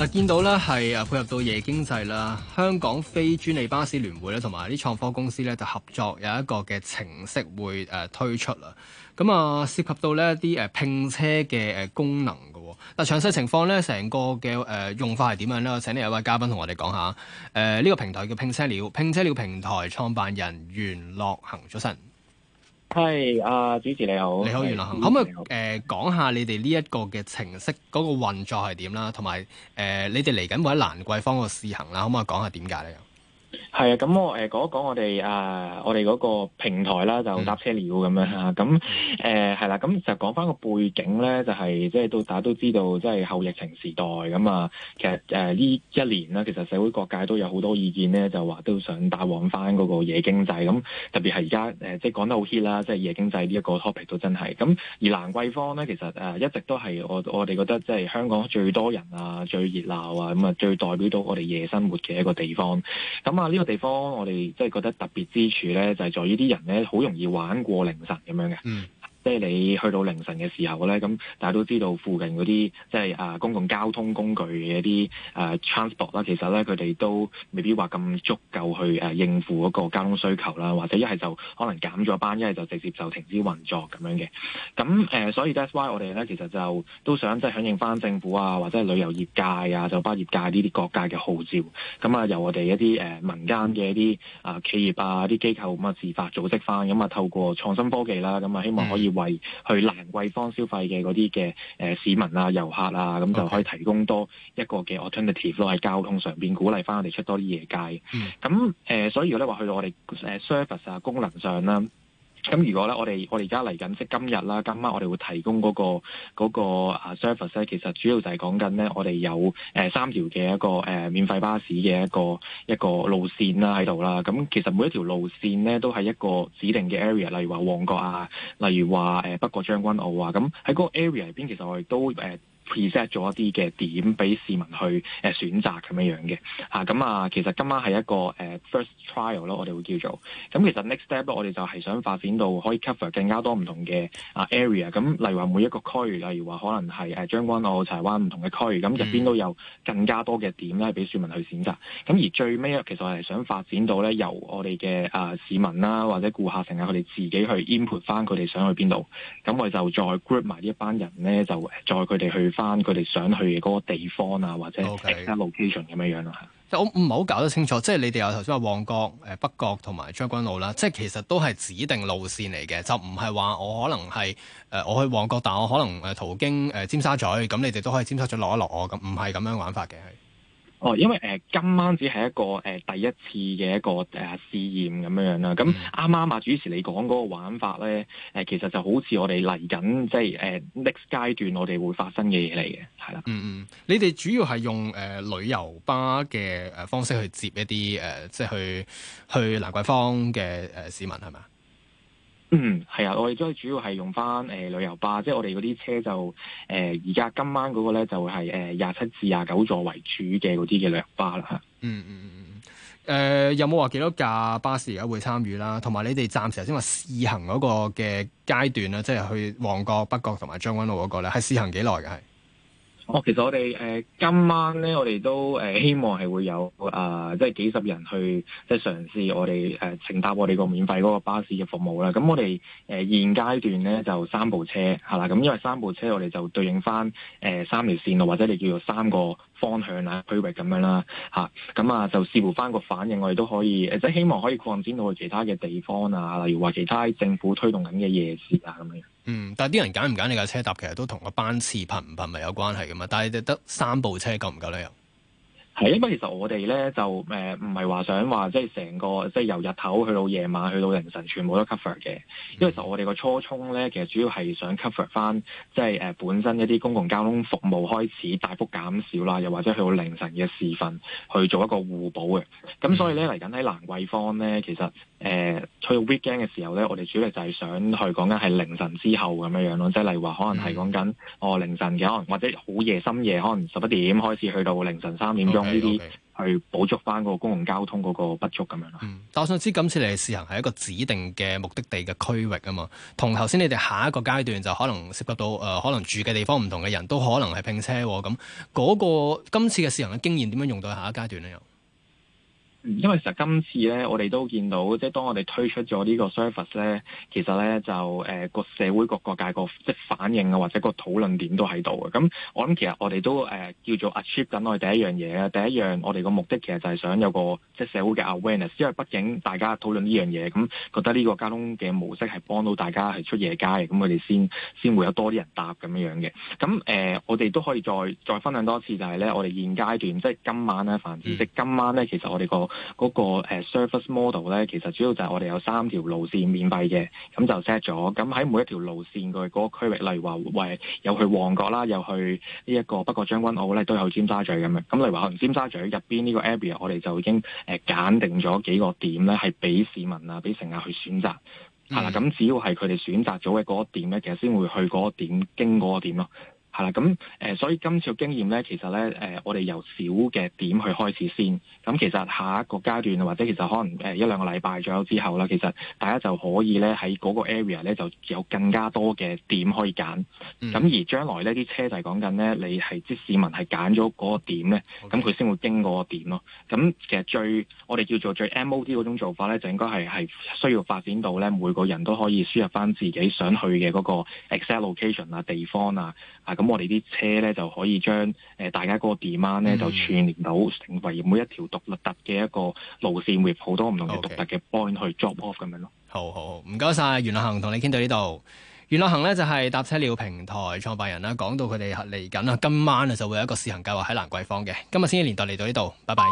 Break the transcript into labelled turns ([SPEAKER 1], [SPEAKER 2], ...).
[SPEAKER 1] 嗱、啊，見到咧係啊，配合到夜經濟啦，香港非專利巴士聯會咧，同埋啲創科公司咧，就合作有一個嘅程式會誒、呃、推出啦。咁啊，涉及到呢一啲誒、呃、拼車嘅功能嘅、哦。嗱、啊，詳細情況呢，成個嘅誒、呃、用法係點樣呢？請呢有位嘉賓同我哋講下。誒、呃，呢、這個平台叫搭車鳥，搭車鳥平台創辦人袁洛桁早晨。係，啊，主持你好，你好袁洛桁。可唔可以誒講下你哋呢一個嘅程式個運作係點啦，同埋誒你哋嚟緊喺蘭桂坊個試行啦，可唔可以講下點解咧？
[SPEAKER 2] 係啊，咁我誒講、呃、一講我哋啊，我哋嗰個平台啦，就搭車鳥咁樣吓，咁誒係啦，咁、啊、就講翻個背景咧，就係即係到大家都知道，即係後疫情時代咁、嗯、啊，其實誒呢、啊、一年咧，其實社會各界都有好多意見咧，就話都想帶旺返嗰個夜經濟，咁、嗯、特別係而家誒即係講得好 hit 啦，即係夜經濟呢一個 topic 都真係咁、嗯，而蘭桂坊咧，其實誒、啊、一直都係我我哋覺得即係香港最多人啊，最熱鬧啊，咁啊最代表到我哋夜生活嘅一個地方，咁、嗯。啊！呢個地方我哋即係覺得特別之處咧，就係在於啲人咧，好容易玩過凌晨咁樣嘅。嗯即係你去到凌晨嘅時候咧，咁大家都知道附近嗰啲即係啊公共交通工具嘅一啲誒 transport 啦，其實咧佢哋都未必話咁足夠去誒應付嗰個交通需求啦，或者一係就可能減咗班，一係就直接就停止運作咁樣嘅。咁誒，所以 that's why 我哋咧其實就都想即係響應翻政府啊，或者係旅遊業界啊、酒吧業界呢啲各界嘅號召。咁啊，由我哋一啲誒民間嘅一啲啊企業啊、啲機構咁啊自發組織翻，咁啊透過創新科技啦，咁啊希望可以，為去蘭桂坊消費嘅嗰啲嘅誒市民啊、遊客啊，咁就可以提供多一個嘅 alternative 咯 Okay.，喺交通上邊鼓勵翻我哋出多啲夜街。咁誒、mm. 呃，所以如果咧話去到我哋誒 service 啊功能上啦。咁如果咧，我哋我哋而家嚟緊即今日啦，今晚我哋會提供嗰、嗰個啊、嗰個、service 咧，其實主要就係講緊咧，我哋有誒三條嘅一個誒免費巴士嘅一個一個路線啦喺度啦。咁其實每一條路線咧，都係一個指定嘅 area，例如話旺角啊，例如話誒北角將軍澳啊。咁喺嗰個 area 入邊，其實我哋都誒。present 咗一啲嘅點俾市民去誒選擇，咁樣樣嘅嚇咁啊，其實今晚係一個誒 first trial 咯，我哋會叫做咁。其實 next step 我哋就係想發展到可以 cover 更加多唔同嘅啊 area。咁例如話每一個區，例如話可能係誒將軍澳、柴灣唔同嘅區，咁入邊都有更加多嘅點咧俾市民去選擇。咁、啊、而最尾其實係想發展到咧，由我哋嘅啊市民啦、啊、或者顧客成日佢哋自己去 input 翻佢哋想去邊度，咁、啊、我哋就再 group 埋一班人咧，就再佢哋去。翻佢哋想去嘅嗰個地方啊，或者特定 location 咁樣樣
[SPEAKER 1] 咯嚇。Dunno，即係我唔係好搞得清楚，即係你哋有頭先話旺角、誒、uh，北角同埋將軍澳啦，即係其實都係指定路線嚟嘅，就唔係話我可能係誒、uh，我去旺角，但我可能誒途經誒尖沙咀，咁你哋都可以尖沙咀攞落我咁，唔係咁樣玩法嘅係？哦，因為誒、呃、今晚只係一個誒、呃、第一次嘅一個誒、呃、
[SPEAKER 2] 試驗咁樣樣啦，咁啱啱啊主持你講嗰個玩法咧，誒、呃、其實就好似我哋嚟緊即係誒 next 階段我哋會發生嘅嘢嚟
[SPEAKER 1] 嘅，係啦，嗯嗯，你哋主要係用誒、呃、旅遊巴嘅誒方式去接一啲誒、呃、即係去去蘭桂坊嘅誒、呃、市民係咪啊？嗯，係啊，我
[SPEAKER 2] 哋都係主要係用返誒、呃、旅遊巴，即係我哋嗰啲車就誒而家今晚嗰個咧就係誒廿七至廿九座為主嘅嗰啲嘅旅遊巴啦、嗯。嗯嗯嗯
[SPEAKER 1] 嗯，誒、呃、有冇話幾多架巴士而家會參與啦？同埋你哋暫時頭先話試行嗰個嘅階段啦，即係去旺角、北角同埋將軍澳嗰個咧，係試行幾耐嘅係？
[SPEAKER 2] 哦，其實我哋誒、呃、今晚咧，我哋都誒、呃、希望係會有啊、呃，即係幾十人去即係嘗試我哋誒乘搭我哋個免費嗰個巴士嘅服務啦。咁我哋誒、呃、現階段咧就三部車係啦，咁因為三部車我哋就對應翻誒、呃、三條線路或者你叫做三個方向啦、區域咁樣啦，吓咁啊就視乎翻個反應，我哋都可以誒即係希望可以擴展到去其他嘅地方啊，例如話其他政府推動緊嘅夜市啊咁樣。
[SPEAKER 1] 嗯，但係啲人揀唔揀你架車搭，其實都同個班次頻唔頻密有關係㗎嘛。但係得三部車夠唔夠咧又？係、嗯呃，因為其實我
[SPEAKER 2] 哋咧就誒唔係話想話即係成個即係由日頭去到夜晚去到凌晨全部都 cover 嘅。因為其實我哋個初衷咧，其實主要係想 cover 翻即係誒、呃、本身一啲公共交通服務開始大幅減少啦，又或者去到凌晨嘅時分去做一個互補嘅。咁、嗯、所以咧嚟緊喺蘭桂坊咧，其實誒去到、呃、weekend 嘅時候咧，我哋主要就係想去講緊係凌晨之後咁樣樣咯，即係例如話可能係講緊哦凌晨嘅，可能或者好夜深夜可能十一點開始
[SPEAKER 1] 去到凌晨三點鐘。呢啲 Okay. 去補捉返個公共交通嗰個不足咁樣啦。但我想知，今次你哋試行係一個指定嘅目的地嘅區域啊嘛，同頭先你哋下一個階段就可能涉及到誒、呃，可能住嘅地方唔同嘅人都可能係拼車咁、哦。嗰個今次嘅試行嘅經驗點樣用到喺下一階段咧？又？ 因為其實今
[SPEAKER 2] 次咧，我哋都見到，即係當我哋推出咗呢個 service 咧，其實咧就誒個社會各各界個即係反應啊，或者個討論點都喺度嘅。咁我諗其實我哋都誒、呃、叫做 achieve 緊我哋第一樣嘢啊，第一樣我哋個目的其實就係想有個即係社會嘅 awareness，因為畢竟大家討論呢樣嘢，咁覺得呢個交通嘅模式係幫到大家係出夜街，咁我哋先先會有多啲人搭咁樣樣嘅。咁誒、呃，我哋都可以再再分享多次，就係咧我哋現階段即係今晚咧，凡即今晚咧，其實我哋個嗰、那個 uh, surface model 咧，其實主要就係我哋有三條路線免費嘅，咁就 set 咗。咁喺每一條路線佢嗰個區域，例如話，喂，有去旺角啦，有去呢一個北角將軍澳咧，都有尖沙咀咁樣。咁例如話，可能尖沙咀入邊呢個 area，我哋就已經誒、呃、揀定咗幾個點咧，係俾市民啊，俾乘客去選擇。係啦、嗯，咁、啊、只要係佢哋選擇咗嘅嗰個點咧，其實先會去嗰個點，經嗰個點咯。係啦，咁誒、嗯，所以今次嘅經驗咧，其實咧，誒，我哋由少嘅點去開始先。咁其實下一個階段，或者其實可能誒一兩個禮拜左右之後啦，其實大家就可以咧喺嗰個 area 咧就有更加多嘅點可以揀。咁而將來呢啲車就係講緊咧，你係即市民係揀咗嗰個點咧，咁佢先會經過個點咯。咁其實最我哋叫做最 MOD 嗰種做法咧，就應該係係需要發展到咧每個人都可以輸入翻自己想去嘅嗰個 exact location 啊、地方啊，啊咁。咁我哋啲車咧就可以將誒大家嗰個 demand 咧就串連到、嗯、成為每一條獨立特嘅一個路線，入好多唔同嘅獨特
[SPEAKER 1] 嘅 point 去 drop off 咁樣咯。好好，好，唔該晒。袁洛桁，同你傾到呢度。袁洛桁咧就係搭車鳥平台創辦人啦，講到佢哋嚟緊啊，今晚啊就會有一個試行計劃喺蘭桂坊嘅。今日星期連帶嚟到呢度，拜拜。